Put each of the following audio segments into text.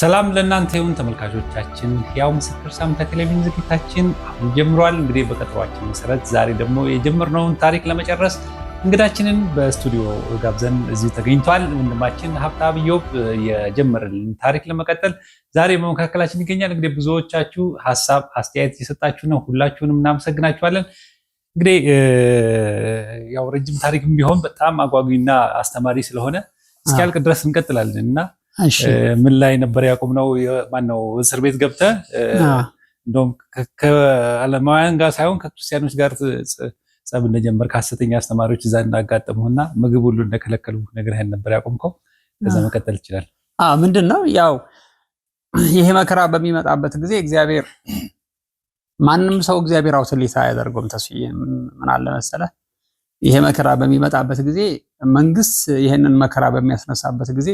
ሰላም ለእናንተ ይሁን ተመልካቾቻችን፣ ያው ምስክር ሳምንታዊ ቴሌቪዥን ዝግጅታችን አሁን ጀምሯል። እንግዲህ በቀጠሯችን መሰረት ዛሬ ደግሞ የጀመርነውን ታሪክ ለመጨረስ እንግዳችንን በስቱዲዮ ጋብዘን እዚህ ተገኝቷል። ወንድማችን ሀብታብ ኢዮብ የጀመረልን ታሪክ ለመቀጠል ዛሬ በመካከላችን ይገኛል። እንግዲህ ብዙዎቻችሁ ሀሳብ አስተያየት እየሰጣችሁ ነው። ሁላችሁንም እናመሰግናችኋለን። እንግዲህ ያው ረጅም ታሪክም ቢሆን በጣም አጓጊና አስተማሪ ስለሆነ እስኪያልቅ ድረስ እንቀጥላለን እና ምን ላይ ነበር ያቁም ነው? ማነው እስር ቤት ገብተ እንደውም ከአለማውያን ጋር ሳይሆን ከክርስቲያኖች ጋር ጸብ እንደጀመር ከሐሰተኛ አስተማሪዎች እዛ እንዳጋጠሙና ምግብ ሁሉ እንደከለከሉ ነገር ያን ነበር ያቁምከው። ከዛ መቀጠል ይችላል። ምንድን ነው ያው ይሄ መከራ በሚመጣበት ጊዜ እግዚአብሔር ማንም ሰው እግዚአብሔር አውትሊታ አያደርገውም። ተስዬ ምን አለ መሰለህ ይሄ መከራ በሚመጣበት ጊዜ መንግስት ይህንን መከራ በሚያስነሳበት ጊዜ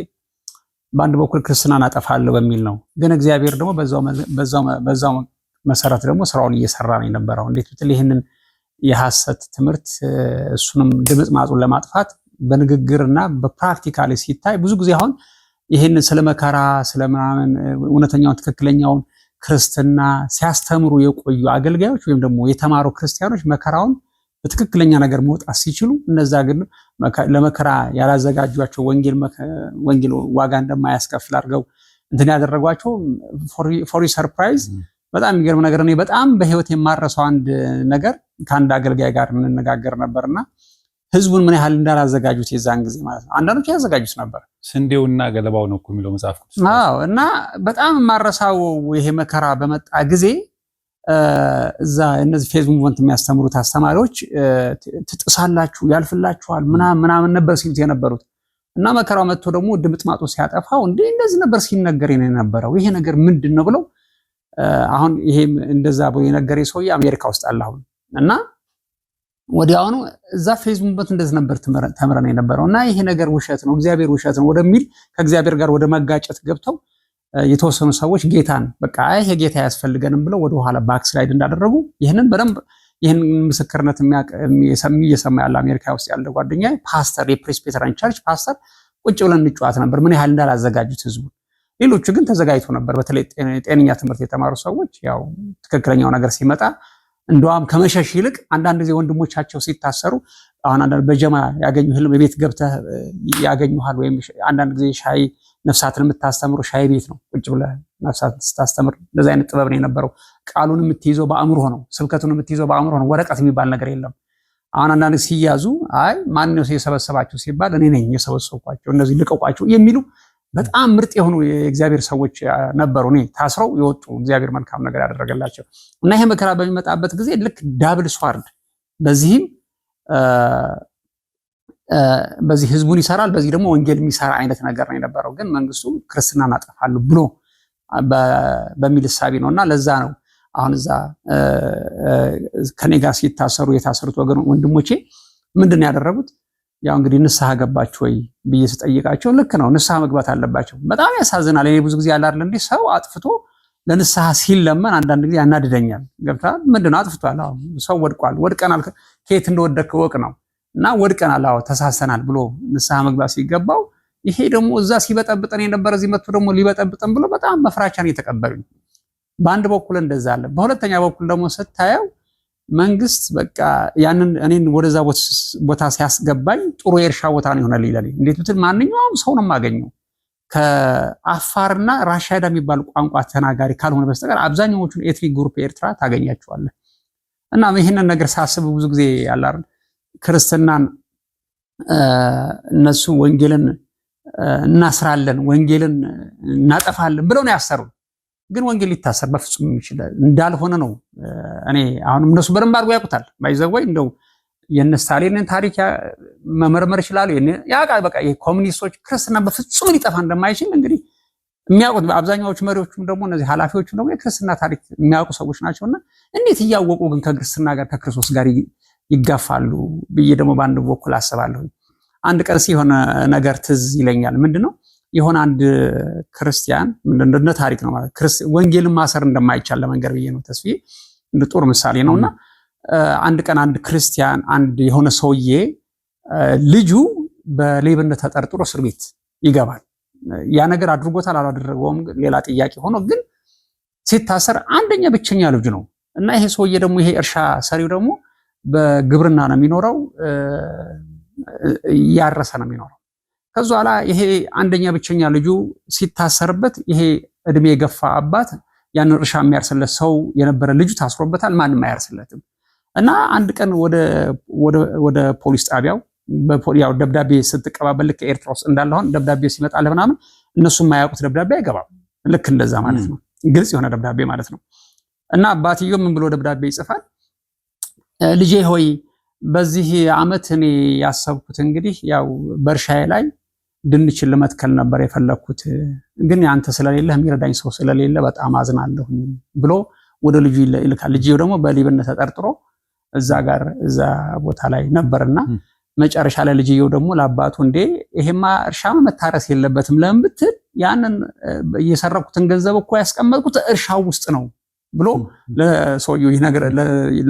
በአንድ በኩል ክርስትናን አጠፋለሁ በሚል ነው። ግን እግዚአብሔር ደግሞ በዛው መሰረት ደግሞ ስራውን እየሰራ ነው የነበረው። እንዴት ብትል ይህንን የሐሰት ትምህርት እሱንም ድምፅ ማጡን ለማጥፋት በንግግርና በፕራክቲካሊ ሲታይ ብዙ ጊዜ አሁን ይህንን ስለ መከራ ስለምናምን እውነተኛውን ትክክለኛውን ክርስትና ሲያስተምሩ የቆዩ አገልጋዮች ወይም ደግሞ የተማሩ ክርስቲያኖች መከራውን በትክክለኛ ነገር መውጣት ሲችሉ እነዛ ግን ለመከራ ያላዘጋጇቸው ወንጌል ዋጋ እንደማያስከፍል አድርገው እንትን ያደረጓቸው ፎሪ ሰርፕራይዝ። በጣም የሚገርም ነገር ነው። በጣም በህይወት የማረሰው አንድ ነገር ከአንድ አገልጋይ ጋር የምንነጋገር ነበር እና ህዝቡን ምን ያህል እንዳላዘጋጁት የዛን ጊዜ ማለት ነው። አንዳንዶች ያዘጋጁት ነበር። ስንዴውና ገለባው ነው እኮ የሚለው መጽሐፍ ቅዱስ እና በጣም የማረሳው ይሄ መከራ በመጣ ጊዜ እዛ እነዚህ ፌዝ ሙቭመንት የሚያስተምሩት አስተማሪዎች ትጥሳላችሁ፣ ያልፍላችኋል፣ ምናምን ምናምን ነበር ሲሉት የነበሩት እና መከራው መጥቶ ደግሞ ድምጥማጡ ሲያጠፋው እንደ እንደዚህ ነበር ሲነገር የነበረው ይሄ ነገር ምንድን ነው ብለው አሁን ይሄም እንደዛ ብሎ የነገረ ሰውዬ አሜሪካ ውስጥ አለ አሁን እና ወዲያውኑ እዛ ፌዝ ሙቭመንት እንደዚህ ነበር ተምረን የነበረው እና ይሄ ነገር ውሸት ነው፣ እግዚአብሔር ውሸት ነው ወደሚል ከእግዚአብሔር ጋር ወደ መጋጨት ገብተው የተወሰኑ ሰዎች ጌታን በቃ ይሄ ጌታ አያስፈልገንም ብለው ወደኋላ ባክስላይድ እንዳደረጉ ይህንን በደንብ ይህን ምስክርነት እየሰማ ያለ አሜሪካ ውስጥ ያለ ጓደኛ ፓስተር የፕሬስቢተሪያን ቸርች ፓስተር ቁጭ ብለን እንጨዋት ነበር፣ ምን ያህል እንዳላዘጋጁት ህዝቡ ሌሎቹ ግን ተዘጋጅቶ ነበር። በተለይ ጤነኛ ትምህርት የተማሩ ሰዎች ያው ትክክለኛው ነገር ሲመጣ እንደውም ከመሸሽ ይልቅ አንዳንድ ጊዜ ወንድሞቻቸው ሲታሰሩ አሁን አንዳንድ በጀማ ያገኙ ህልም ቤት ገብተህ ያገኙሃል ወይም አንዳንድ ጊዜ ሻይ ነፍሳትን የምታስተምሩ ሻይ ቤት ነው። ቁጭ ብለ ነፍሳትን ስታስተምር እንደዚ አይነት ጥበብ ነው የነበረው። ቃሉን የምትይዘው በአእምሮ ነው። ስብከቱን የምትይዘው በአእምሮ ነው። ወረቀት የሚባል ነገር የለም። አሁን አንዳንድ ሲያዙ አይ ማን ነው የሰበሰባቸው ሲባል እኔ ነኝ የሰበሰብኳቸው እነዚህ ልቀቋቸው የሚሉ በጣም ምርጥ የሆኑ የእግዚአብሔር ሰዎች ነበሩ። እኔ ታስረው የወጡ እግዚአብሔር መልካም ነገር ያደረገላቸው እና ይሄ መከራ በሚመጣበት ጊዜ ልክ ዳብል ስዋርድ በዚህም በዚህ ህዝቡን ይሰራል፣ በዚህ ደግሞ ወንጌል የሚሰራ አይነት ነገር ነው የነበረው። ግን መንግስቱ ክርስትና አጠፋሉ ብሎ በሚል እሳቤ ነው እና ለዛ ነው አሁን እዛ ከኔ ጋር ሲታሰሩ የታሰሩት ወገን ወንድሞቼ ምንድን ነው ያደረጉት? ያው እንግዲህ ንስሐ ገባችሁ ወይ ብዬ ስጠይቃቸው ልክ ነው ንስሐ መግባት አለባቸው። በጣም ያሳዝናል። እኔ ብዙ ጊዜ ያላርል እንዲህ ሰው አጥፍቶ ለንስሐ ሲለመን አንዳንድ ጊዜ ያናድደኛል። ገብታል ምንድን ነው አጥፍቷል፣ ሰው ወድቋል፣ ወድቀናል። ከየት እንደወደክ ወቅ ነው እና ወድቀናል፣ አዎ ተሳሰናል ብሎ ንስሐ መግባት ሲገባው ይሄ ደግሞ እዛ ሲበጠብጠን የነበረ እዚህ መጥቶ ደግሞ ሊበጠብጠን ብሎ በጣም በፍራቻን የተቀበሉኝ። በአንድ በኩል እንደዛ አለ። በሁለተኛ በኩል ደግሞ ስታየው መንግስት በቃ ያንን እኔን ወደዛ ቦታ ሲያስገባኝ ጥሩ የእርሻ ቦታ ነው ይሆናል ለኔ። እንዴት ብትል ማንኛውም ሰው ነው የማገኘው ከአፋርና ራሻዳ የሚባል ቋንቋ ተናጋሪ ካልሆነ በስተቀር አብዛኛዎቹን ኤትኒክ ግሩፕ ኤርትራ ታገኛቸዋለህ። እና ይህንን ነገር ሳስብ ብዙ ጊዜ ያላርን ክርስትናን እነሱ ወንጌልን እናስራለን፣ ወንጌልን እናጠፋለን ብለው ነው ያሰሩ። ግን ወንጌል ሊታሰር በፍጹም የሚችል እንዳልሆነ ነው። እኔ አሁንም እነሱ በደንብ አድርጎ ያውቁታል። ባይዘወይ እንደው የነ ስታሊንን ታሪክ መመርመር ይችላሉ። ያ በቃ የኮሚኒስቶች ክርስትና በፍጹም ሊጠፋ እንደማይችል እንግዲህ የሚያውቁት አብዛኛዎቹ መሪዎቹም ደግሞ እነዚህ ኃላፊዎቹም ደግሞ የክርስትና ታሪክ የሚያውቁ ሰዎች ናቸውና እንዴት እያወቁ ግን ከክርስትና ጋር ከክርስቶስ ጋር ይጋፋሉ ብዬ ደግሞ በአንድ በኩል አስባለሁ። አንድ ቀን የሆነ ነገር ትዝ ይለኛል። ምንድን ነው የሆነ አንድ ክርስቲያን እንደ ታሪክ ነው ማለት ወንጌልን ማሰር እንደማይቻል ለመንገር ብዬ ነው ተስፋዬ፣ እንደ ጦር ምሳሌ ነው እና አንድ ቀን አንድ ክርስቲያን አንድ የሆነ ሰውዬ ልጁ በሌብነት ተጠርጥሮ እስር ቤት ይገባል። ያ ነገር አድርጎታል አላደረገውም ሌላ ጥያቄ ሆኖ፣ ግን ሲታሰር አንደኛ ብቸኛ ልጁ ነው እና ይሄ ሰውዬ ደግሞ ይሄ እርሻ ሰሪው ደግሞ በግብርና ነው የሚኖረው፣ እያረሰ ነው የሚኖረው። ከዚ በኋላ ይሄ አንደኛ ብቸኛ ልጁ ሲታሰርበት ይሄ እድሜ የገፋ አባት ያን እርሻ የሚያርስለት ሰው የነበረ ልጁ ታስሮበታል። ማንም አያርስለትም። እና አንድ ቀን ወደ ፖሊስ ጣቢያው ያው ደብዳቤ ስትቀባበል ልክ ኤርትራ ውስጥ እንዳለሆን ደብዳቤ ሲመጣልህ ምናምን እነሱ የማያውቁት ደብዳቤ አይገባም። ልክ እንደዛ ማለት ነው፣ ግልጽ የሆነ ደብዳቤ ማለት ነው። እና አባትየው ምን ብሎ ደብዳቤ ይጽፋል? ልጄ ሆይ በዚህ ዓመት እኔ ያሰብኩት እንግዲህ ያው በእርሻዬ ላይ ድንችን ልመትከል ነበር የፈለግኩት፣ ግን አንተ ስለሌለ የሚረዳኝ ሰው ስለሌለ በጣም አዝናለሁ ብሎ ወደ ልጁ ይልካል። ልጅ ደግሞ በሊብነት ተጠርጥሮ እዛ ጋር እዛ ቦታ ላይ ነበርና መጨረሻ ላይ ልጅየው ደግሞ ለአባቱ እንዴ ይሄማ እርሻ መታረስ የለበትም ለምን ብትል ያንን እየሰረኩትን ገንዘብ እኮ ያስቀመጥኩት እርሻው ውስጥ ነው ብሎ ለሰውየው ይነገር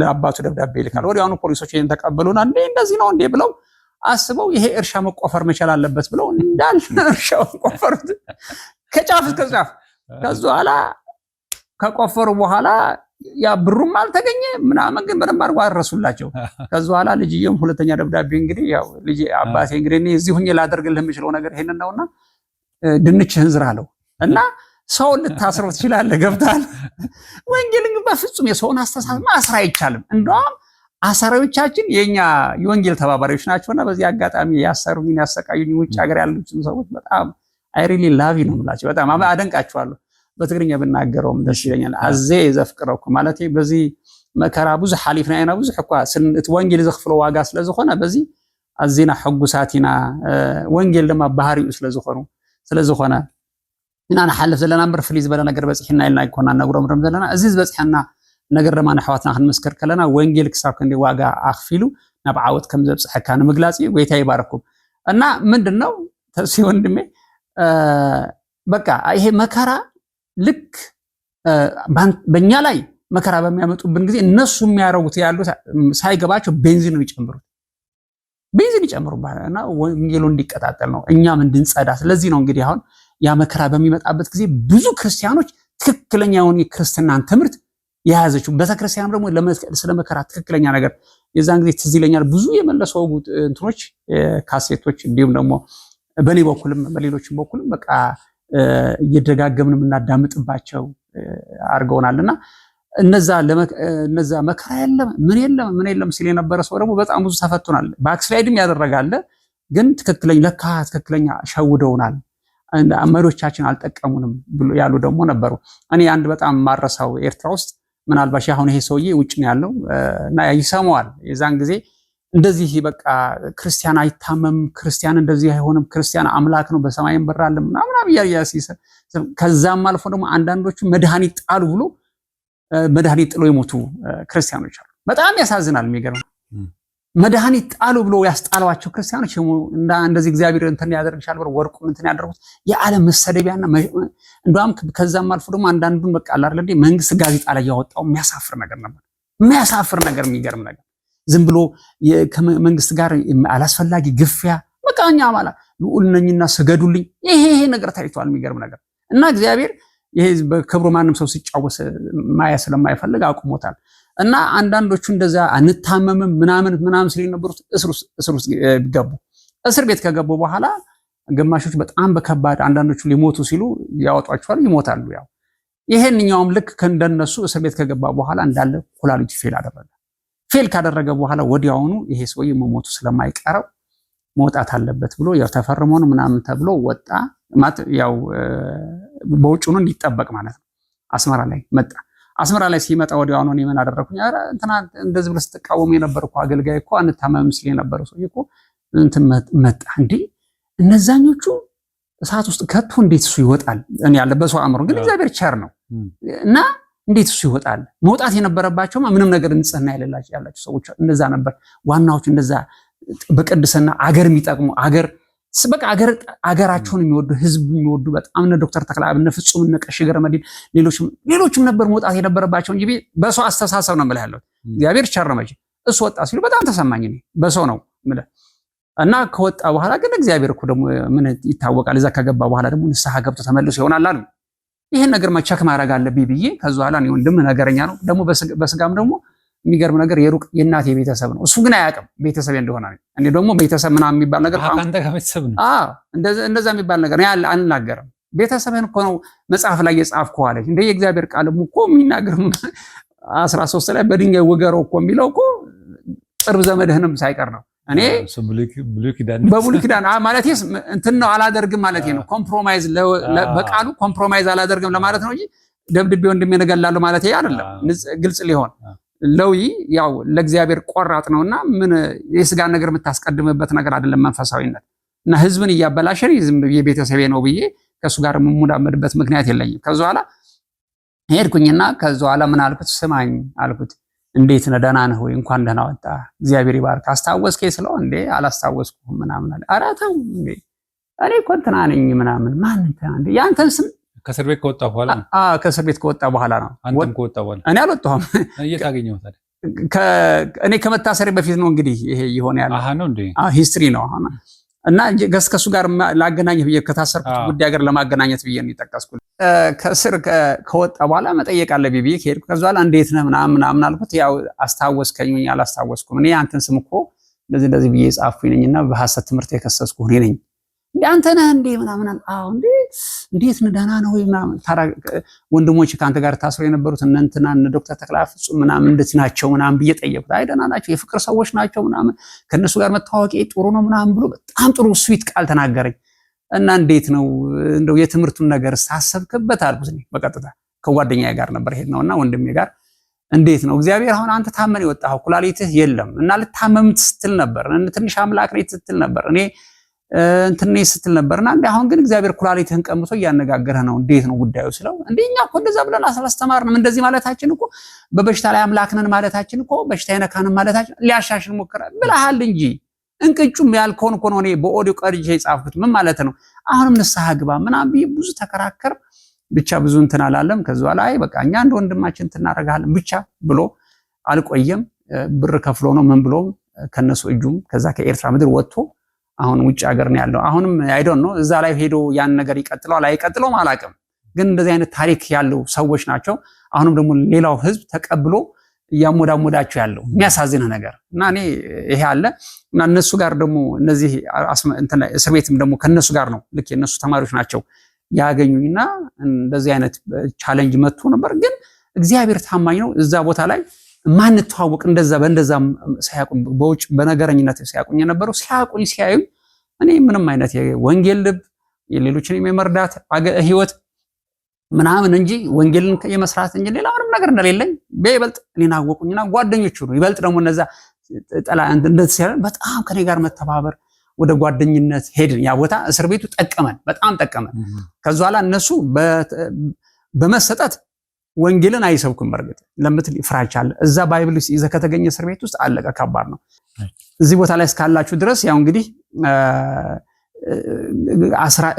ለአባቱ ደብዳቤ ይልካል። ወዲያውኑ ፖሊሶች ይህን ተቀበሉና እንዴ እንደዚህ ነው እንዴ ብለው አስበው ይሄ እርሻ መቆፈር መቻል አለበት ብለው እንዳለ እርሻ ቆፈሩት ከጫፍ እስከ ጫፍ። ከዚ በኋላ ከቆፈሩ በኋላ ያ ብሩም አልተገኘ ምናምን፣ ግን በደንብ አድርጎ አደረሱላቸው። ከዚ በኋላ ልጅየም ሁለተኛ ደብዳቤ እንግዲህ ያው ልጅ አባቴ እንግዲህ እዚህ ላደርግልህ የምችለው ነገር ይሄንን ነውና ድንችህን ዝራ አለው እና ሰውን ልታስረው ትችላለህ። ገብታል። ወንጌልን ግን በፍጹም የሰውን አስተሳሰብ ማስራ አይቻልም። እንደውም አሳሪዎቻችን የኛ የወንጌል ተባባሪዎች ናቸው እና በዚህ አጋጣሚ ያሰሩኝ ያሰቃዩኝ ውጭ ሀገር ያሉትን ሰዎች በጣም አይሪሊ ላቪ ነው ምላቸው። በጣም አደንቃቸዋለሁ። በትግርኛ ብናገረውም ደስ ይለኛል። አዜ ዘፍቅረኩ ማለት በዚህ መከራ ብዙሕ ሓሊፍና ኢና ብዙሕ እኳ እቲ ወንጌል ዘኽፍሎ ዋጋ ስለዝኾነ በዚ ኣዝና ሕጉሳት ኢና ወንጌል ድማ ባህሪኡ ስለዝኾኑ ስለዝኾነ ኢና ንሓልፍ ዘለና እምበር ፍልይ ዝበለ ነገር በፂሕና ኢልና ይኮና ነግሮም ዶም ዘለና እዚ ዝበፅሐና ነገር ድማ ንኣሕዋትና ክንምስክር ከለና ወንጌል ክሳብ ክንዲ ዋጋ ኣኽፊሉ ናብ ዓወት ከም ዘብፅሐካ ንምግላፅ እዩ ጎይታ ይባረኩም እና ምንድን ነው ተሲ ወንድሜ በቃ ይሄ መከራ ልክ በእኛ ላይ መከራ በሚያመጡብን ጊዜ እነሱ የሚያደርጉት ያሉ ሳይገባቸው ቤንዚን ነው ይጨምሩት ቤንዚን ይጨምሩ እና ወንጌሉ እንዲቀጣጠል ነው እኛም እንድንጸዳ ስለዚህ ነው እንግዲህ አሁን ያ መከራ በሚመጣበት ጊዜ ብዙ ክርስቲያኖች ትክክለኛውን የክርስትናን ትምህርት የያዘችው ቤተክርስቲያንም ደግሞ ስለ መከራ ትክክለኛ ነገር የዛን ጊዜ ትዝ ይለኛል። ብዙ የመለሰው እንትኖች ካሴቶች፣ እንዲሁም ደግሞ በእኔ በኩልም በሌሎችም በኩልም በቃ እየደጋገምን የምናዳምጥባቸው እና እነዛ መከራ የለም ምን የለም ምን የለም ሲል የነበረ ሰው ደግሞ በጣም ብዙ ተፈቱናል። በአክስላይድም ያደረጋለ ግን ትክክለኛ ለካ ትክክለኛ ሸውደውናል መሪዎቻችን አልጠቀሙንም ያሉ ደግሞ ነበሩ። እኔ አንድ በጣም ማረሳው ኤርትራ ውስጥ ምናልባሽ አሁን ይሄ ሰውዬ ውጭ ነው ያለው እና ይሰማዋል። የዛን ጊዜ እንደዚህ በቃ ክርስቲያን አይታመም፣ ክርስቲያን እንደዚህ አይሆንም፣ ክርስቲያን አምላክ ነው በሰማይም በራለም ምናምን እያያ ከዛም አልፎ ደግሞ አንዳንዶቹ መድኃኒት ጣሉ ብሎ መድኃኒት ጥሎ የሞቱ ክርስቲያኖች አሉ። በጣም ያሳዝናል የሚገርም መድኃኒት ጣሉ ብሎ ያስጣሏቸው ክርስቲያኖች እንደዚህ እግዚአብሔር እንትን ያደርግሻል ብሎ ወርቁ እንትን ያደርጉት የዓለም መሰደቢያና እንዲም ከዛም አልፎ ደግሞ አንዳንዱን በቃ አላለ መንግስት ጋዜጣ ላይ ያወጣው የሚያሳፍር ነገር ነበር። የሚያሳፍር ነገር፣ የሚገርም ነገር ዝም ብሎ ከመንግስት ጋር አላስፈላጊ ግፊያ መቃኛ ማላ ልዑል ነኝና ስገዱልኝ። ይሄ ይሄ ነገር ታይቷል። የሚገርም ነገር እና እግዚአብሔር ይሄ በክብሩ ማንም ሰው ሲጫወስ ማያ ስለማይፈልግ አቁሞታል። እና አንዳንዶቹ እንደዛ አንታመምም ምናምን ምናምን ስለ የነበሩት እስር ውስጥ ገቡ። እስር ቤት ከገቡ በኋላ ግማሾች በጣም በከባድ አንዳንዶቹ ሊሞቱ ሲሉ ያወጧቸዋል፣ ይሞታሉ። ያው ይሄንኛውም ልክ እንደነሱ እስር ቤት ከገባ በኋላ እንዳለ ኩላሊቱ ፌል አደረገ። ፌል ካደረገ በኋላ ወዲያውኑ ይሄ ሰው መሞቱ ስለማይቀረው መውጣት አለበት ብሎ ያው ነው ምናምን ተብሎ ወጣ። ያው በውጭኑ እንዲጠበቅ ማለት ነው። አስመራ ላይ መጣ። አስመራ ላይ ሲመጣ ወዲያውኑ እኔ ምን አደረኩኝ? ኧረ እንትና እንደዚህ ብለህ ስትቃወሙ የነበር እኮ አገልጋይ እኮ አንታመም ሲል የነበረ ሰው እኮ እንትን መጣ እንዴ እነዛኞቹ እሳት ውስጥ ከቶ እንዴት እሱ ይወጣል? እኔ ያለ በሰው አእምሮ ግን እግዚአብሔር ቸር ነው እና እንዴት እሱ ይወጣል? መውጣት የነበረባቸው ምንም ነገር ንጽህና የሌላቸው ያላቸው ሰዎች እንደዛ ነበር። ዋናዎቹ እንደዛ በቅድስና አገር የሚጠቅሙ አገር በቃ አገራቸውን የሚወዱ ህዝብ የሚወዱ በጣም እነ ዶክተር ተክለአብ እነ ፍጹም እነ ቀሽ ገረመዲን ሌሎችም ሌሎችም ነበር መውጣት የነበረባቸው እንጂ በሰው አስተሳሰብ ነው የምልህ ያለው እግዚአብሔር ቸረመች እሱ ወጣ ሲሉ በጣም ተሰማኝ። እኔ በሰው ነው የምልህ እና ከወጣ በኋላ ግን እግዚአብሔር እኮ ደግሞ ምን ይታወቃል። እዛ ከገባ በኋላ ደግሞ ንስሐ ገብቶ ተመልሶ ይሆናል አሉ። ይህን ነገር መቸክ ማድረግ አለብኝ ብዬ ከዚ በኋላ ወንድም ነገረኛ ነው ደግሞ በስጋም ደግሞ የሚገርም ነገር የሩቅ የእናቴ ቤተሰብ ነው። እሱ ግን አያውቅም ቤተሰብ እንደሆነ። እኔ ደግሞ ቤተሰብ ምናምን የሚባል ነገር እንደዛ የሚባል ነገር አልናገርም። ቤተሰብህን እኮ ነው መጽሐፍ ላይ የጻፍኩ አለች። እንደ የእግዚአብሔር ቃልም እኮ የሚናገር አስራ ሶስት ላይ በድንጋይ ወገረው እኮ የሚለው እኮ ቅርብ ዘመድህንም ሳይቀር ነው። እኔ በብሉይ ኪዳን ማለት እንትን ነው አላደርግም ማለት ነው። ኮምፕሮማይዝ በቃሉ ኮምፕሮማይዝ አላደርግም ለማለት ነው እንጂ ደብድቤ ወንድሜን እገላለሁ ማለት አይደለም። ግልጽ ሊሆን ለዊ ያው ለእግዚአብሔር ቆራጥ ነውና ምን የስጋ ነገር የምታስቀድምበት ነገር አይደለም መንፈሳዊነት እና ህዝብን እያበላሸን ቤተሰቤ ነው ብዬ ከእሱ ጋር የምሙዳመድበት ምክንያት የለኝም። ከዚ በኋላ ሄድኩኝና ከዚ በኋላ ምን አልኩት፣ ስማኝ አልኩት፣ እንዴት ነህ ደህና ነህ ወይ? እንኳን ደህና ወጣ እግዚአብሔር ይባርክ። አስታወስኬ ስለው እንዴ አላስታወስኩም ምናምን አለ። ኧረ ተው እኔ እኮ እንትና ነኝ ምናምን ማን እንትና ስም ከእስር ቤት ከወጣ በኋላ ነው። ከእስር ቤት ከወጣ በኋላ ነው። አንተም ከወጣ በኋላ እኔ አልወጣሁም። የት አገኘሁት እኔ ከመታሰሪ በፊት ነው እንግዲህ ይሄ የሆነ ያለ አሃ ነው እንዴ? አዎ ሂስትሪ ነው አሁን እና ከእሱ ጋር ላገናኘ ብዬ ከታሰርኩት ጉዳይ ጋር ለማገናኘት ብዬ ነው የጠቀስኩ። ከእስር ከወጣ በኋላ መጠየቅ አለብኝ ብዬ ከሄድኩ ከዛ በኋላ እንዴት ነህ ምናምን ምናምን አልኩት። ያው አስታወስከኝ አላስታወስኩም እኔ አንተን ስም እኮ እንደዚህ እንደዚህ ብዬ ጻፍኩኝ እና በሐሰት ትምህርት የከሰስኩ እኔ ነኝ እንደ አንተ ነህ እንዴ ምናምን አዎ እንዴ እንዴት ደህና ነው ወይ ምናምን ወንድሞች ከአንተ ጋር ታስሮ የነበሩት እነ እንትና እነ ዶክተር ተክላ ፍጹም ምናምን እንዴት ናቸው ምናምን ብዬ ጠየቁት አይ ደህና ናቸው የፍቅር ሰዎች ናቸው ምናምን ከእነሱ ጋር መታወቂ ጥሩ ነው ምናምን ብሎ በጣም ጥሩ ስዊት ቃል ተናገረኝ እና እንዴት ነው እንደው የትምህርቱን ነገር ሳሰብክበት አልኩት በቀጥታ ከጓደኛዬ ጋር ነበር ሄድ ነውና ወንድሜ ጋር እንዴት ነው እግዚአብሔር አሁን አንተ ታመን የወጣኸው ኩላሊትህ የለም እና ልታመም ስትል ነበር ትንሽ አምላክ ነኝ ስትል ነበር እኔ እንትን ስትል ነበርና እንደ አሁን ግን እግዚአብሔር ኩላሊትህን ቀምቶ እያነጋገረህ ነው። እንዴት ነው ጉዳዩ ስለው እንደ እኛ እኮ እንደዛ ብለን ስላስተማርንም እንደዚህ ማለታችን እኮ በበሽታ ላይ አምላክነን ማለታችን እኮ በሽታ ይነካንን ማለታችን ሊያሻሽል ሞክራል ብለሃል እንጂ እንቅጩም ያልከውን እኮ ነው እኔ በኦዲዮ ቀርጄ የጻፍኩት። ምን ማለት ነው? አሁንም ንስሐ ግባ ምናምን ብዬ ብዙ ተከራከር። ብቻ ብዙ እንትን አላለም። ከዛ ላይ በቃ እኛ እንደ ወንድማችን እንትን እናደርጋለን ብቻ ብሎ አልቆየም። ብር ከፍሎ ነው ምን ብሎም ከነሱ እጁም ከዛ ከኤርትራ ምድር ወጥቶ አሁን ውጭ ሀገር ነው ያለው። አሁንም አይዶን ነው እዛ ላይ ሄዶ ያን ነገር ይቀጥለዋል አይቀጥለውም አላውቅም። ግን እንደዚህ አይነት ታሪክ ያለው ሰዎች ናቸው። አሁንም ደግሞ ሌላው ህዝብ ተቀብሎ እያሞዳሞዳቸው ያለው የሚያሳዝን ነገር እና እኔ ይሄ አለ እና እነሱ ጋር ደግሞ እነዚህ እስር ቤትም ደግሞ ከነሱ ጋር ነው ልክ የእነሱ ተማሪዎች ናቸው ያገኙኝና እንደዚህ አይነት ቻለንጅ መጥቶ ነበር። ግን እግዚአብሔር ታማኝ ነው እዛ ቦታ ላይ ማንተዋወቅ እንደዛ በእንደዛ ሳያቁኝ በውጭ በነገረኝነት ሳያቁኝ የነበረው ሲያቁኝ ሲያዩኝ እኔ ምንም አይነት ወንጌል ልብ የሌሎችን የመርዳት ህይወት ምናምን እንጂ ወንጌልን የመስራት እንጂ ሌላ ምንም ነገር እንደሌለኝ በይበልጥ እኔን አወቁኝና ጓደኞች ሁሉ ይበልጥ ደግሞ እነዛ በጣም ከኔ ጋር መተባበር ወደ ጓደኝነት ሄድን። ያ ቦታ እስር ቤቱ ጠቀመን፣ በጣም ጠቀመን። ከዚ በኋላ እነሱ በመሰጠት ወንጌልን አይሰብኩም። በእርግጥ ለምትል ፍራቻ አለ። እዛ ባይብል ይዘ ከተገኘ እስር ቤት ውስጥ አለቀ። ከባድ ነው። እዚህ ቦታ ላይ እስካላችሁ ድረስ ያው እንግዲህ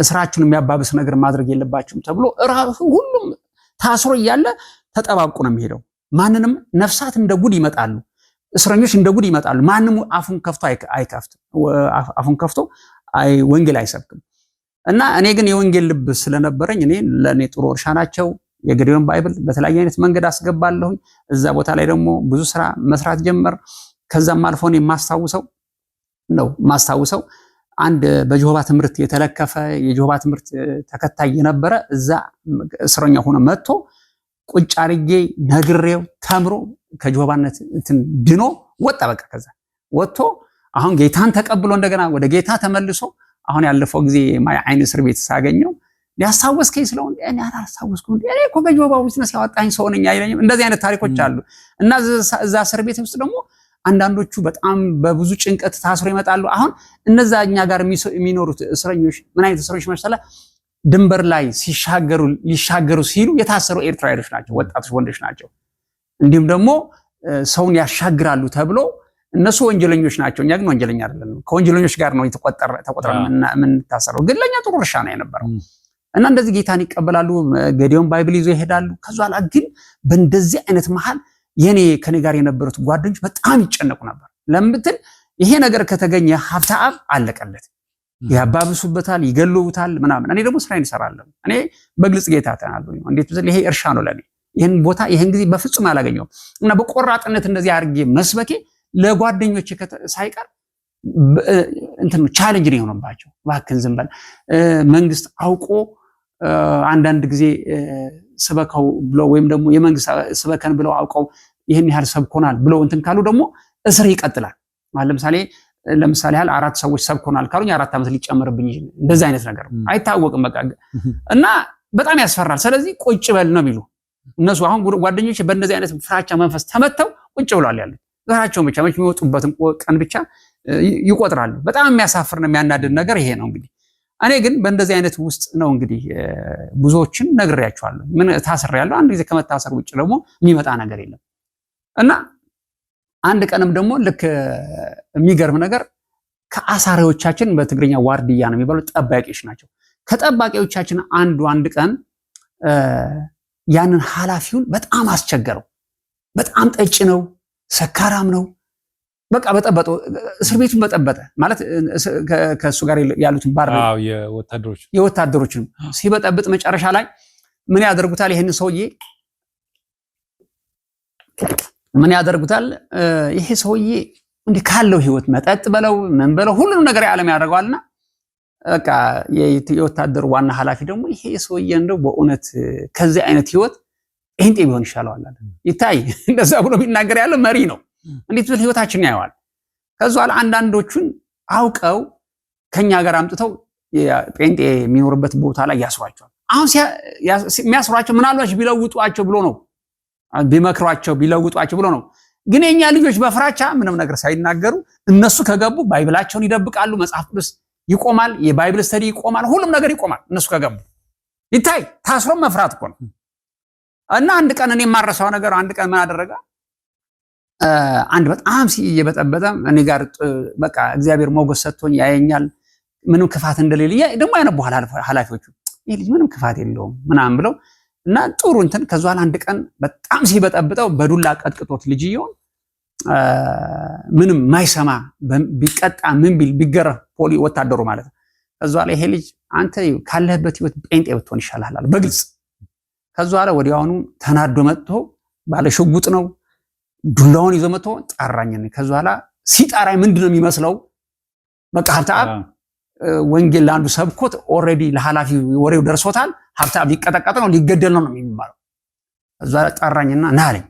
እስራችሁን የሚያባብስ ነገር ማድረግ የለባችሁም ተብሎ ራሱ ሁሉም ታስሮ እያለ ተጠባብቁ ነው የሚሄደው። ማንንም ነፍሳት እንደ ጉድ ይመጣሉ። እስረኞች እንደ ጉድ ይመጣሉ። ማንም አፉን ከፍቶ አይከፍትም። አፉን ከፍቶ ወንጌል አይሰብክም። እና እኔ ግን የወንጌል ልብ ስለነበረኝ እኔ ለእኔ ጥሩ እርሻ ናቸው። የገድዮን ባይብል በተለያየ አይነት መንገድ አስገባለሁኝ። እዛ ቦታ ላይ ደግሞ ብዙ ስራ መስራት ጀመር። ከዛም አልፎን የማስታውሰው ነው ማስታውሰው አንድ በጆሆባ ትምህርት የተለከፈ የጆሆባ ትምህርት ተከታይ የነበረ እዛ እስረኛ ሆኖ መጥቶ ቁጭ አርጌ ነግሬው ተምሮ ከጆሆባነት እንትን ድኖ ወጣ። በቃ ከዛ ወጥቶ አሁን ጌታን ተቀብሎ እንደገና ወደ ጌታ ተመልሶ አሁን ያለፈው ጊዜ ማይ አይን እስር ቤት ሳገኘው ያስታወስከኝ ስለሆን እኔ አላስታወስኩም እኔ እኮ በጆባ ቢዝነስ ያወጣኝ ሰው ነኝ አይለኝም። እንደዚህ አይነት ታሪኮች አሉ እና እዛ እስር ቤት ውስጥ ደግሞ አንዳንዶቹ በጣም በብዙ ጭንቀት ታስሮ ይመጣሉ። አሁን እነዛ እኛ ጋር የሚኖሩት እስረኞች ምን አይነት እስረኞች መሰለ ድንበር ላይ ሲሻገሩ ሊሻገሩ ሲሉ የታሰሩ ኤርትራውያኖች ናቸው፣ ወጣቶች ወንዶች ናቸው። እንዲሁም ደግሞ ሰውን ያሻግራሉ ተብሎ እነሱ ወንጀለኞች ናቸው። እኛ ግን ወንጀለኛ አይደለም። ከወንጀለኞች ጋር ነው ተቆጥረን የምንታሰረው። ግን ለእኛ ጥሩ እርሻ ነው የነበረው። እና እንደዚህ ጌታን ይቀበላሉ። ገዲዮን ባይብል ይዞ ይሄዳሉ። ከዛ ኋላ ግን በእንደዚህ አይነት መሃል የኔ ከኔ ጋር የነበሩት ጓደኞች በጣም ይጨነቁ ነበር። ለምትል ይሄ ነገር ከተገኘ ሀብተ አብ አለቀለት። ያባብሱበታል፣ ይገሉታል፣ ምናምን። እኔ ደግሞ ስራዬን እሰራለሁ። እኔ በግልጽ ጌታ ተናሉ። እንዴት ይሄ እርሻ ነው ለኔ። ይህን ቦታ ይህን ጊዜ በፍጹም አላገኘውም እና በቆራጥነት እንደዚህ አድርጌ መስበኬ ለጓደኞች ሳይቀር እንትን ቻሌንጅ ነው የሆነባቸው። እባክህን ዝም በል መንግስት አውቆ አንዳንድ ጊዜ ስበከው ብለው ወይም ደግሞ የመንግስት ስበከን ብለው አውቀው ይህን ያህል ሰብኮናል ብለው እንትን ካሉ ደግሞ እስር ይቀጥላል። ለምሳሌ ለምሳሌ ያህል አራት ሰዎች ሰብኮናል ካሉኝ አራት ዓመት ሊጨምርብኝ እንደዚህ አይነት ነገር አይታወቅም። በቃ እና በጣም ያስፈራል። ስለዚህ ቁጭ በል ነው የሚሉ እነሱ አሁን ጓደኞች በእንደዚህ አይነት ፍራቻ መንፈስ ተመተው ቁጭ ብሏል ያለ ዛራቸውን ብቻ የሚወጡበትን ቀን ብቻ ይቆጥራሉ። በጣም የሚያሳፍር ነው የሚያናድድ ነገር ይሄ ነው እንግዲህ እኔ ግን በእንደዚህ አይነት ውስጥ ነው እንግዲህ ብዙዎችን ነግሬያቸዋለሁ። ምን ታስር ያለው አንድ ጊዜ ከመታሰር ውጭ ደግሞ የሚመጣ ነገር የለም እና አንድ ቀንም ደግሞ ልክ የሚገርም ነገር ከአሳሪዎቻችን በትግርኛ ዋርድያ ነው የሚባሉ ጠባቂዎች ናቸው። ከጠባቂዎቻችን አንዱ አንድ ቀን ያንን ኃላፊውን በጣም አስቸገረው። በጣም ጠጭ ነው፣ ሰካራም ነው፣ በቃ በጠበጠ እስር ቤቱን በጠበጠ ማለት ከእሱ ጋር ያሉትን ባር የወታደሮችን ሲበጠብጥ መጨረሻ ላይ ምን ያደርጉታል? ይህን ሰውዬ ምን ያደርጉታል? ይሄ ሰውዬ እንዲህ ካለው ህይወት መጠጥ በለው ምን በለው ሁሉንም ነገር የዓለም ያደርገዋልና በቃ የወታደሩ ዋና ኃላፊ ደግሞ ይሄ ሰውዬ እንደው በእውነት ከዚህ አይነት ህይወት ይህን ጤ ቢሆን ይሻለዋል ይታይ እንደዛ ብሎ ቢናገር ያለ መሪ ነው። እንዴት ብል ህይወታችንን ያየዋል። ከዚ በኋላ አንዳንዶቹን አውቀው ከኛ ጋር አምጥተው ጴንጤ የሚኖርበት ቦታ ላይ ያስሯቸዋል። አሁን የሚያስሯቸው ምናልባች ቢለውጧቸው ብሎ ነው፣ ቢመክሯቸው ቢለውጧቸው ብሎ ነው። ግን የኛ ልጆች በፍራቻ ምንም ነገር ሳይናገሩ እነሱ ከገቡ ባይብላቸውን ይደብቃሉ። መጽሐፍ ቅዱስ ይቆማል፣ የባይብል ስተዲ ይቆማል፣ ሁሉም ነገር ይቆማል። እነሱ ከገቡ ይታይ ታስሮም መፍራት እኮ ነው። እና አንድ ቀን እኔ የማረሳው ነገር አንድ ቀን ምን አደረጋ አንድ በጣም እየበጠበጠ እኔ ጋር በቃ እግዚአብሔር ሞገስ ሰጥቶኝ ያየኛል፣ ምንም ክፋት እንደሌለ ደግሞ ያነቡ ኃላፊዎቹ ይህ ልጅ ምንም ክፋት የለውም ምናምን ብለው እና ጥሩ እንትን ከዚ በኋላ አንድ ቀን በጣም ሲበጠብጠው በዱላ ቀጥቅጦት ልጅየውን ምንም ማይሰማ ቢቀጣ ምን ቢል ቢገረፍ ፖሊ ወታደሩ ማለት ነው። ከዚ በኋላ ይሄ ልጅ አንተ ካለህበት ህይወት ጴንጤ ብትሆን ይሻልሃል በግልጽ ከዚ በኋላ ወዲያውኑ ተናዶ መጥቶ ባለሽጉጥ ነው ዱላውን ይዞ መጥቶ ጠራኝ። ከዚ በኋላ ሲጠራኝ ምንድን ነው የሚመስለው? በቃ ሀብተአብ ወንጌል ለአንዱ ሰብኮት ኦልሬዲ ለኃላፊ ወሬው ደርሶታል። ሀብተአብ ሊቀጠቀጥ ነው ሊገደል ነው ነው የሚባለው። ከዚ ጠራኝና ና አለኝ።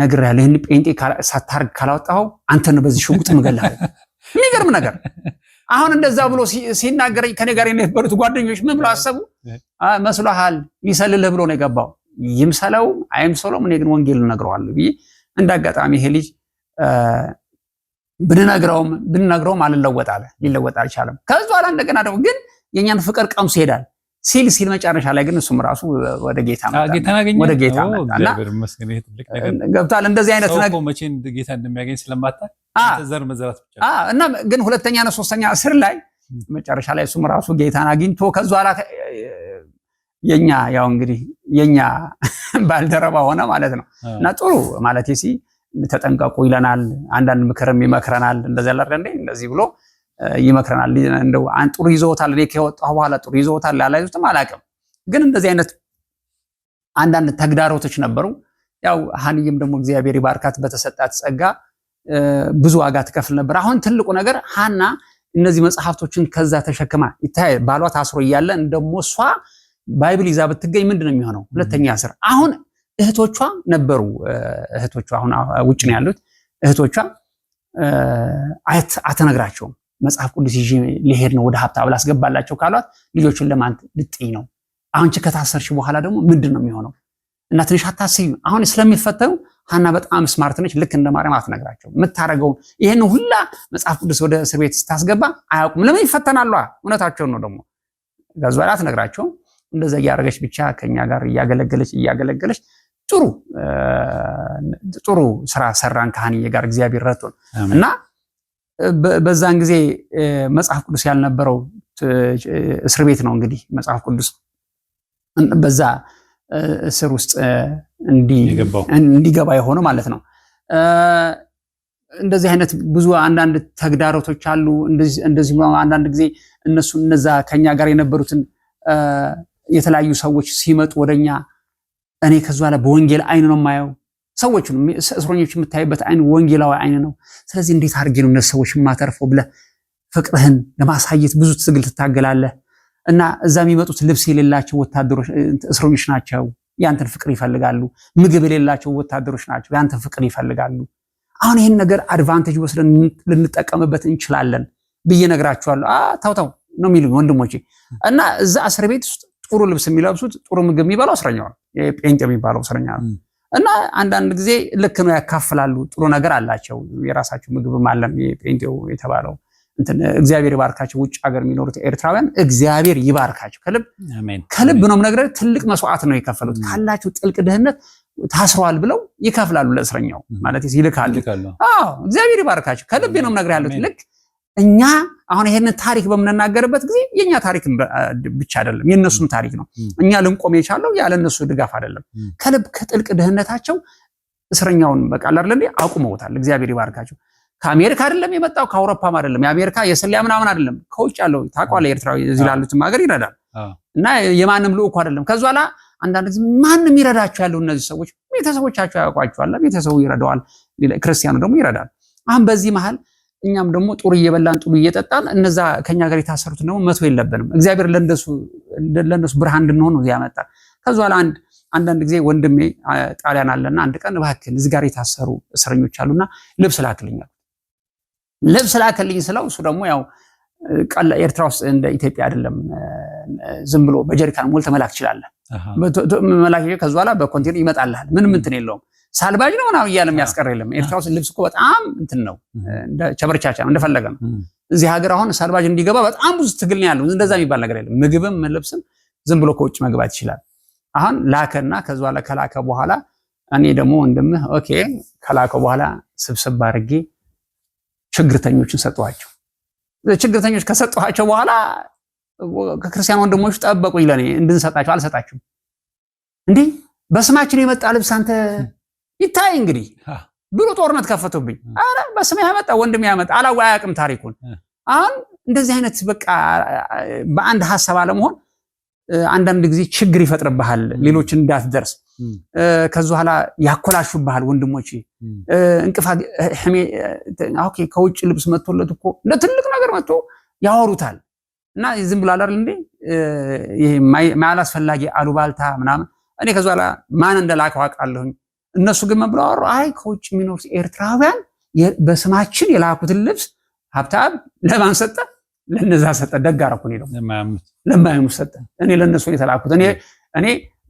ነግሬሃለሁ፣ ይህን ጴንጤ ሳታርግ ካላወጣኸው አንተን በዚህ ሽጉጥ ምገልሃለሁ። የሚገርም ነገር አሁን እንደዛ ብሎ ሲናገረኝ ከኔ ጋር የነበሩት ጓደኞች ምን ብሎ አሰቡ? መስሎሃል፣ ይሰልልህ ብሎ ነው የገባው። ይምሰለው አይምሰለውም፣ እኔ ግን ወንጌል እነግረዋለሁ ብዬ እንደ አጋጣሚ ይሄ ልጅ ብንነግረውም ብንነግረውም አልለወጥ አለ። ሊለወጥ አልቻለም። ከዚ በኋላ እንደገና ደግሞ ግን የእኛን ፍቅር ቀምሶ ይሄዳል ሲል ሲል መጨረሻ ላይ ግን እሱም ራሱ ወደ ጌታ ወደ ጌታ መጣና ገብቷል። እንደዚህ አይነት ጌታ እንደሚያገኝ ስለማታ ዘር መዘራት ብቻ እና ግን ሁለተኛ ነው ሶስተኛ እስር ላይ መጨረሻ ላይ እሱም ራሱ ጌታን አግኝቶ ከዚ በኋላ የኛ ያው እንግዲህ የኛ ባልደረባ ሆነ ማለት ነው። እና ጥሩ ማለት ሲ ተጠንቀቁ ይለናል። አንዳንድ ምክርም ይመክረናል። ያለ እንደ እንደዚህ ብሎ ይመክረናል። እንደው ጥሩ ይዞታል። እኔ ከወጣሁ በኋላ ጥሩ ይዞታል ያላይዙትም አላውቅም። ግን እንደዚህ አይነት አንዳንድ ተግዳሮቶች ነበሩ። ያው ሀንይም ደግሞ እግዚአብሔር ይባርካት በተሰጣት ጸጋ ብዙ ዋጋ ትከፍል ነበር። አሁን ትልቁ ነገር ሀና እነዚህ መጽሐፍቶችን ከዛ ተሸክማ ይታይ ባሏ ታስሮ እያለ እንደሞ እሷ ባይብል ይዛ ብትገኝ ምንድን ነው የሚሆነው? ሁለተኛ እስር። አሁን እህቶቿ ነበሩ፣ እህቶቿ አሁን ውጭ ነው ያሉት። እህቶቿ አትነግራቸውም መጽሐፍ ቅዱስ ይዤ ሊሄድ ነው ወደ ብላ አስገባላቸው ካሏት ልጆቹን ለማን ልጥኝ ነው? አንቺ ከታሰርሽ በኋላ ደግሞ ምንድን ነው የሚሆነው? እና ትንሽ አታስዩ። አሁን ስለሚፈተኑ ሀና በጣም ስማርት ነች። ልክ እንደ ማርያም አትነግራቸው የምታደርገውን ይህን ሁላ መጽሐፍ ቅዱስ ወደ እስር ቤት ስታስገባ አያውቁም። ለምን ይፈተናሉ? እውነታቸውን ነው ደግሞ ጋዙ አትነግራቸውም እንደዛ እያደረገች ብቻ ከኛ ጋር እያገለገለች እያገለገለች ጥሩ ጥሩ ስራ ሰራን ከሀንዬ ጋር እግዚአብሔር ረቱን እና በዛን ጊዜ መጽሐፍ ቅዱስ ያልነበረው እስር ቤት ነው እንግዲህ መጽሐፍ ቅዱስ በዛ እስር ውስጥ እንዲገባ የሆነ ማለት ነው። እንደዚህ አይነት ብዙ አንዳንድ ተግዳሮቶች አሉ። እንደዚህ አንዳንድ ጊዜ እነሱ እነዛ ከኛ ጋር የነበሩትን የተለያዩ ሰዎች ሲመጡ ወደኛ እኔ ከዚ በኋላ በወንጌል አይን ነው የማየው። ሰዎች እስረኞች የምታይበት አይን ወንጌላዊ አይን ነው። ስለዚህ እንዴት አድርጌ ነው እነዚህ ሰዎች የማተርፈው ብለ ፍቅርህን ለማሳየት ብዙ ትግል ትታገላለህ። እና እዛ የሚመጡት ልብስ የሌላቸው ወታደሮች እስረኞች ናቸው፣ ያንተን ፍቅር ይፈልጋሉ። ምግብ የሌላቸው ወታደሮች ናቸው፣ ያንተን ፍቅር ይፈልጋሉ። አሁን ይህን ነገር አድቫንቴጅ ወስደን ልንጠቀምበት እንችላለን ብዬ ነግራችኋለሁ። ታውታው ነው የሚሉኝ ወንድሞቼ። እና እዛ እስር ቤት ውስጥ ጥሩ ልብስ የሚለብሱት ጥሩ ምግብ የሚበላው እስረኛው ነው፣ ጴንጤ የሚባለው እስረኛ ነው። እና አንዳንድ ጊዜ ልክ ነው ያካፍላሉ፣ ጥሩ ነገር አላቸው። የራሳቸው ምግብም አለም ጴንጤው የተባለው እግዚአብሔር ይባርካቸው። ውጭ ሀገር የሚኖሩት ኤርትራውያን እግዚአብሔር ይባርካቸው። ከልብ ከልብ ነው ነገር ትልቅ መስዋዕት ነው የከፈሉት ካላቸው ጥልቅ ድህነት ታስረዋል ብለው ይከፍላሉ ለእስረኛው ማለት ይልካሉ። እግዚአብሔር ይባርካቸው። ከልብ ነው ነገር ያሉት ልክ እኛ አሁን ይሄንን ታሪክ በምንናገርበት ጊዜ የኛ ታሪክ ብቻ አይደለም፣ የእነሱም ታሪክ ነው። እኛ ልንቆም የቻለው ያለ እነሱ ድጋፍ አይደለም። ከልብ ከጥልቅ ድህነታቸው እስረኛውን በቃል አይደለ አቁመውታል። እግዚአብሔር ይባርካቸው። ከአሜሪካ አይደለም የመጣው ከአውሮፓም አይደለም የአሜሪካ የስለያ ምናምን አይደለም። ከውጭ ያለው ታቋለ ኤርትራዊ እዚህ ላሉትም ሀገር ይረዳል እና የማንም ልዑኩ አይደለም። ከዛ ኋላ አንዳንድ ጊዜ ማንም ይረዳቸው ያለው እነዚህ ሰዎች ቤተሰቦቻቸው ያውቋቸዋል፣ ቤተሰቡ ይረዳዋል፣ ክርስቲያኑ ደግሞ ይረዳል። አሁን በዚህ መሀል እኛም ደግሞ ጥሩ እየበላን ጥሩ እየጠጣን እነዛ ከኛ ጋር የታሰሩት ደግሞ መቶ የለብንም። እግዚአብሔር ለእነሱ ብርሃን እንድንሆን ነው ያመጣል። ከዚ በኋላ አንድ አንዳንድ ጊዜ ወንድሜ ጣሊያን አለና አንድ ቀን እባክህን እዚህ ጋር የታሰሩ እስረኞች አሉና ልብስ ላክልኛል ልብስ ላክልኝ ስለው እሱ ደግሞ ያው ኤርትራ ውስጥ እንደ ኢትዮጵያ አይደለም። ዝም ብሎ በጀሪካን ሞልተህ መላክ ትችላለህ። መላክ ከዚ በኋላ በኮንቴነር ይመጣልሃል። ምንም እንትን የለውም። ሳልባጅ ነው ምናምን እያለ የሚያስቀር የለም። ኤርትራ ውስጥ ልብስ እኮ በጣም እንትን ነው፣ ቸብርቻቻ ነው፣ እንደፈለገ ነው። እዚህ ሀገር አሁን ሳልባጅ እንዲገባ በጣም ብዙ ትግል ነው ያለው። እንደዛ የሚባል ነገር የለም። ምግብም ልብስም ዝም ብሎ ከውጭ መግባት ይችላል። አሁን ላከና ከዚ በኋላ ከላከ በኋላ እኔ ደግሞ ወንድምህ ኦኬ ከላከ በኋላ ስብስብ አድርጌ ችግርተኞችን ሰጠኋቸው። ችግርተኞች ከሰጠኋቸው በኋላ ከክርስቲያን ወንድሞች ጠበቁኝ ለእኔ እንድንሰጣቸው። አልሰጣችሁም እንዲህ በስማችን የመጣ ልብስ አንተ ይታይ እንግዲህ ብሎ ጦርነት ከፈቱብኝ። አረ በስም ያመጣ ወንድም ያመጣ አላዋ አያውቅም ታሪኩን። አሁን እንደዚህ አይነት በቃ በአንድ ሀሳብ አለመሆን አንዳንድ ጊዜ ችግር ይፈጥርብሃል፣ ሌሎች እንዳትደርስ ከዚ ኋላ ያኮላሹብሃል። ወንድሞች እንቅፋ ከውጭ ልብስ መቶለት እኮ እንደ ትልቅ ነገር መቶ ያወሩታል። እና ዝም ብሎ አላል እንዴ ይሄ ማያላስፈላጊ አሉባልታ ምናምን እኔ ከዚ ኋላ ማን እንደላከው አውቃለሁኝ እነሱ ግን መብለዋሩ አይ ከውጭ የሚኖሩት ኤርትራውያን በስማችን የላኩትን ልብስ ሀብታብ ለማን ሰጠ? ለነዛ ሰጠ። ደግ አደረኩ ነው ለማያምኑ ሰጠ። እኔ ለነሱ ነው የተላኩት። እኔ እኔ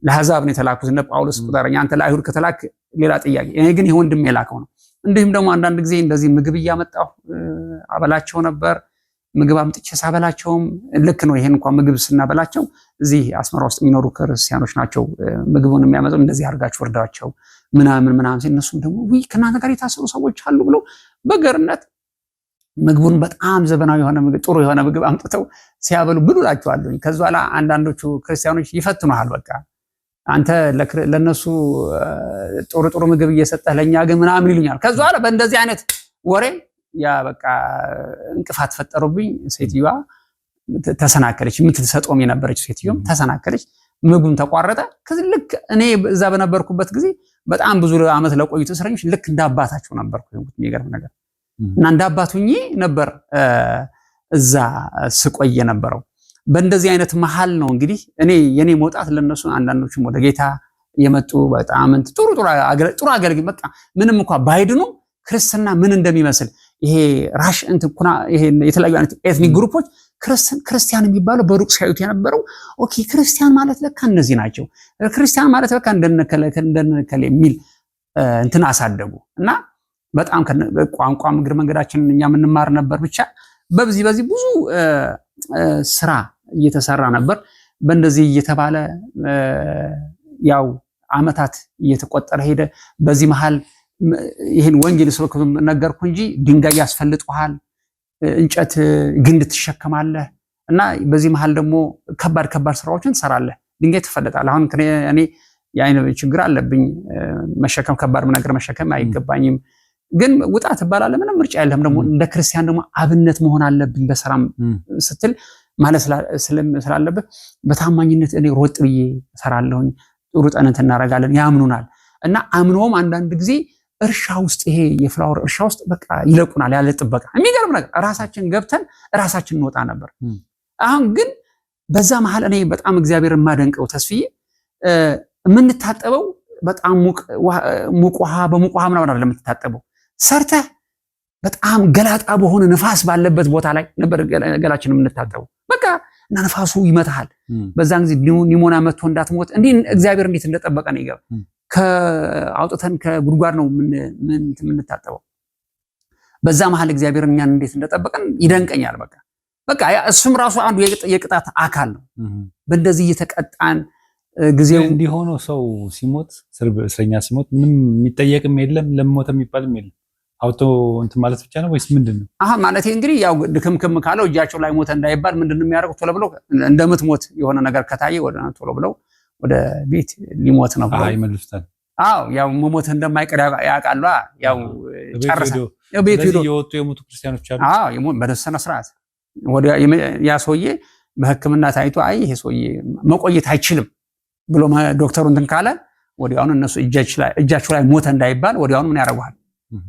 ለአሕዛብ ነው የተላኩት። እነ ጳውሎስ ቁጠረኝ አንተ ለአይሁድ ከተላክ ሌላ ጥያቄ። እኔ ግን ይህ ወንድም የላከው ነው። እንዲሁም ደግሞ አንዳንድ ጊዜ እንደዚህ ምግብ እያመጣሁ አበላቸው ነበር። ምግብ አምጥቼ ሳበላቸውም ልክ ነው። ይሄን እንኳን ምግብ ስናበላቸው እዚህ አስመራ ውስጥ የሚኖሩ ክርስቲያኖች ናቸው ምግቡን የሚያመጡ እንደዚህ አድርጋችሁ እርዳቸው ምናምን ምናምን ሲል እነሱም ደግሞ ውይ ከእናንተ ጋር የታሰሩ ሰዎች አሉ ብሎ በገርነት ምግቡን በጣም ዘበናዊ የሆነ ጥሩ የሆነ ምግብ አምጥተው ሲያበሉ ብሉ ከዚ በኋላ አንዳንዶቹ ክርስቲያኖች ይፈትኑሃል። በቃ አንተ ለእነሱ ጥሩ ጥሩ ምግብ እየሰጠህ ለእኛ ግን ምናምን ይሉኛል። ከዚ በኋላ በእንደዚህ አይነት ወሬ ያ በቃ እንቅፋት ፈጠሩብኝ። ሴትዮዋ ተሰናከለች። የምትሰጠውም የነበረች ሴትዮም ተሰናከለች። ምግቡም ተቋረጠ። ከዚህ ልክ እኔ እዛ በነበርኩበት ጊዜ በጣም ብዙ ዓመት ለቆዩት እስረኞች ልክ እንዳባታቸው ነበር። የሚገርም ነገር እና እንዳባቱኝ ነበር እዛ ስቆይ የነበረው። በእንደዚህ አይነት መሀል ነው እንግዲህ እኔ የኔ መውጣት ለነሱ አንዳንዶችም ወደ ጌታ የመጡ በጣም ጥሩ ጥሩ አገልግሎት በቃ ምንም እንኳ ባይድኑ ክርስትና ምን እንደሚመስል ይሄ ራሽ እንትኩና ይሄ የተለያዩ አይነት ኤትኒክ ግሩፖች ክርስቲያን የሚባለው በሩቅ ሲያዩት የነበረው ኦኬ ክርስቲያን ማለት ለካ እነዚህ ናቸው፣ ክርስቲያን ማለት ለካ እንደነከለ እንደነከለ የሚል እንትን አሳደጉ እና በጣም ቋንቋ እግር መንገዳችንን እኛ የምንማር ነበር። ብቻ በዚህ በዚህ ብዙ ስራ እየተሰራ ነበር። በእንደዚህ እየተባለ ያው አመታት እየተቆጠረ ሄደ። በዚህ መሃል ይህን ወንጌል ስብክ ነገርኩ እንጂ ድንጋይ ያስፈልጥሃል፣ እንጨት ግንድ ትሸከማለህ እና በዚህ መሀል ደግሞ ከባድ ከባድ ስራዎችን ትሰራለህ። ድንጋይ ትፈለጣል። አሁን እኔ የአይን ችግር አለብኝ። መሸከም ከባድ ነገር መሸከም አይገባኝም። ግን ውጣ ትባላለህ። ምንም ምርጫ የለም። ደግሞ እንደ ክርስቲያን ደግሞ አብነት መሆን አለብኝ በስራም ስትል ማለት ስላለብህ በታማኝነት እኔ ሮጥ ብዬ እሰራለሁኝ። ሩጠንት እናደርጋለን ያምኑናል እና አምኖም አንዳንድ ጊዜ እርሻ ውስጥ ይሄ የፍላወር እርሻ ውስጥ በቃ ይለቁናል ያለ ጥበቃ። የሚገርም ነገር ራሳችን ገብተን ራሳችን እንወጣ ነበር። አሁን ግን በዛ መሀል እኔ በጣም እግዚአብሔር የማደንቀው ተስፍዬ የምንታጠበው በጣም ሙቅ ውሃ በሙቅ ውሃ ምናምን አይደለም የምትታጠበው ሰርተህ በጣም ገላጣ በሆነ ንፋስ ባለበት ቦታ ላይ ነበር ገላችን የምንታጠበው። በቃ እና ንፋሱ ይመታሃል። በዛን ጊዜ ኒሞና መጥቶ እንዳትሞት እንዲህ እግዚአብሔር እንዴት እንደጠበቀ ነው ይገባ አውጥተን ከጉድጓድ ነው የምንታጠበው። በዛ መሀል እግዚአብሔር እኛን እንዴት እንደጠበቀን ይደንቀኛል። በቃ በቃ እሱም ራሱ አንዱ የቅጣት አካል ነው። በእንደዚህ እየተቀጣን ጊዜው እንዲሆነው ሰው ሲሞት እስረኛ ሲሞት ምንም የሚጠየቅም የለም ለሞተ የሚባልም የለም። አውቶ እንትን ማለት ብቻ ነው ወይስ ምንድን ነው? አሀ ማለት እንግዲህ ያው ድክምክም ካለው እጃቸው ላይ ሞተ እንዳይባል ምንድን ነው የሚያደርጉት? ቶሎ ብለው እንደምትሞት የሆነ ነገር ከታየ ወደ ቶሎ ብለው ወደ ቤት ሊሞት ነው። አዎ ያው መሞት እንደማይቀር ያውቃሉ። ያው ጨርሰ ቤት ሄዶ የወጡ የሞቱ ክርስቲያኖች አሉ። አዎ በደሰነ ስርዓት ያ ሰውዬ በሕክምና ታይቶ አይ ይሄ ሰውዬ መቆየት አይችልም ብሎ ዶክተሩ እንትን ካለ ወዲያውኑ እነሱ እጃችሁ ላይ ሞተ እንዳይባል ወዲያውኑ ምን ያደርጉሃል?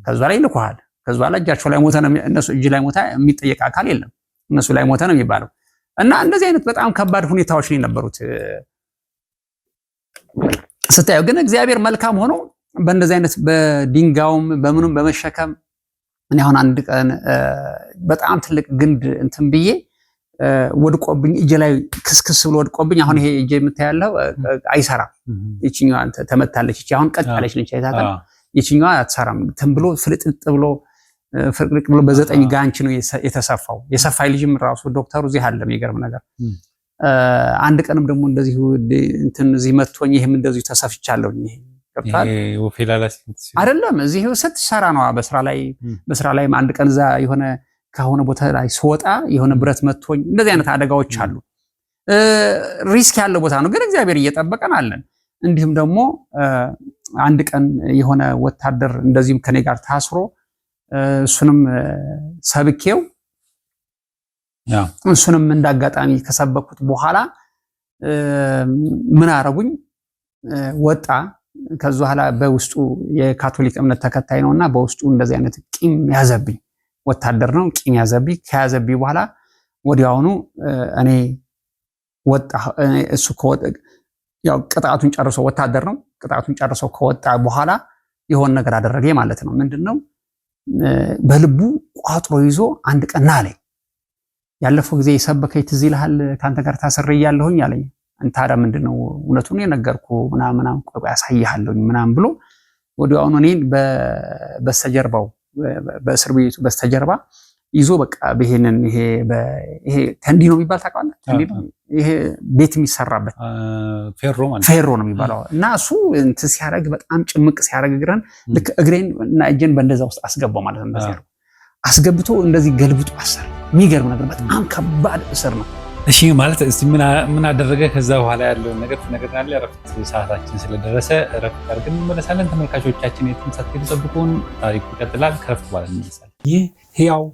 ከዛ ላይ ይልኩሃል። ከዛ ላይ እጃቸው ላይ ሞተ ነው እነሱ እጅ ላይ ሞተ የሚጠየቅ አካል የለም። እነሱ ላይ ሞተ ነው የሚባለው እና እንደዚህ አይነት በጣም ከባድ ሁኔታዎች ነው የነበሩት። ስታየው ግን እግዚአብሔር መልካም ሆኖ በእንደዚህ አይነት በድንጋዩም በምኑም በመሸከም እኔ አሁን አንድ ቀን በጣም ትልቅ ግንድ እንትን ብዬ ወድቆብኝ እጄ ላይ ክስክስ ብሎ ወድቆብኝ፣ አሁን ይሄ እጄ የምታያለው አይሰራም። ይችኛዋ ተመታለች። ይቺ አሁን ቀጥ ያለች ነች። አይታታል። ይችኛዋ አትሰራም። ትን ብሎ ፍልጥጥ ብሎ ፍርቅርቅ ብሎ በዘጠኝ ጋንች ነው የተሰፋው። የሰፋይ ልጅም ራሱ ዶክተሩ እዚህ አለ። የሚገርም ነገር አንድ ቀንም ደግሞ እንደዚሁ እንትን እዚህ መጥቶኝ ይሄም እንደዚሁ ተሰፍቻለሁ። ይሄ አይደለም እዚህ ስትሰራ ነው በስራ ላይ በስራ ላይ አንድ ቀን እዛ የሆነ ከሆነ ቦታ ላይ ስወጣ የሆነ ብረት መጥቶኝ እንደዚህ አይነት አደጋዎች አሉ። ሪስክ ያለው ቦታ ነው፣ ግን እግዚአብሔር እየጠበቀን አለን። እንዲሁም ደግሞ አንድ ቀን የሆነ ወታደር እንደዚህም ከኔ ጋር ታስሮ እሱንም ሰብኬው እሱንም እንዳጋጣሚ ከሰበኩት በኋላ ምን አረጉኝ ወጣ። ከዚ በኋላ በውስጡ የካቶሊክ እምነት ተከታይ ነው እና በውስጡ እንደዚህ አይነት ቂም ያዘብኝ፣ ወታደር ነው ቂም ያዘብኝ። ከያዘብኝ በኋላ ወዲያውኑ እኔ ወጣ። እሱ ያው ቅጣቱን ጨርሶ ወታደር ነው ቅጣቱን ጨርሶ ከወጣ በኋላ የሆን ነገር አደረገ ማለት ነው። ምንድን ነው በልቡ ቋጥሮ ይዞ አንድ ቀን ና አለኝ ያለፈው ጊዜ የሰበከኝ ትዝ ይልሃል? ከአንተ ጋር ታስሬ እያለሁኝ አለኝ። ታዲያ ምንድነው እውነቱን የነገርኩ ምናምን ቆይ ያሳይሃለሁኝ ምናምን ብሎ ወዲያውኑ እኔን በስተጀርባው በእስር ቤቱ በስተጀርባ ይዞ በቃ ይሄንን ይሄ ይሄ ተንዲ ነው የሚባል ታውቃለህ? ይሄ ቤት የሚሰራበት ፌሮ ነው የሚባለው እና እሱ እንትን ሲያደርግ በጣም ጭምቅ ሲያደርግ እግረን ልክ እግሬን እና እጄን በእንደዛ ውስጥ አስገባው ማለት ነው። አስገብቶ እንደዚህ ገልብጦ አሰር። የሚገርም ነገር፣ በጣም ከባድ እስር ነው። እሺ ማለት እስቲ ምን አደረገ? ከዛ በኋላ ያለውን ነገር ትነግረናለህ። እረፍት ሰዓታችን ስለደረሰ እረፍት አድርገን እንመለሳለን። ተመልካቾቻችን የትንሳት ጠብቁን። ታሪኩ ይቀጥላል። ከእረፍት በኋላ እንመለሳለን። ይህ ህያው